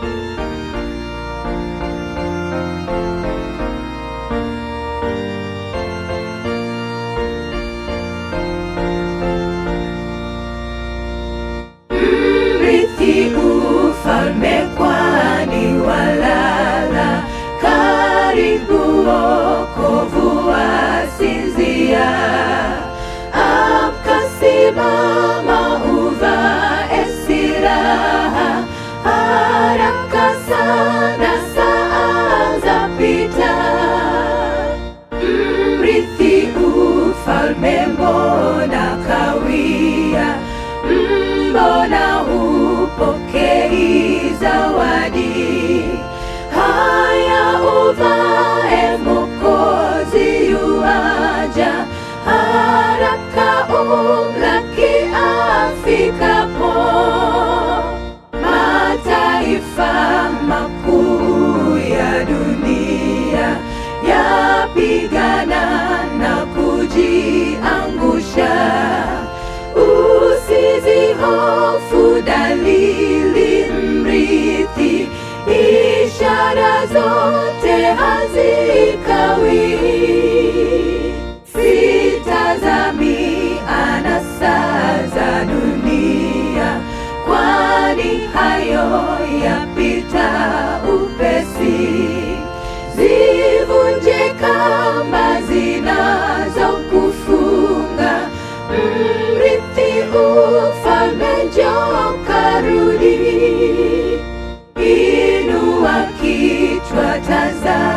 thank you urithi ufalme, mbona kawia, mm, mbona upo kujiangusha, usizihofu dalili, mrithi ishara zote hazikawi, sitazami anasa za dunia, kwani hayo yapita upesi, zivunjika kuinua kichwa, tazama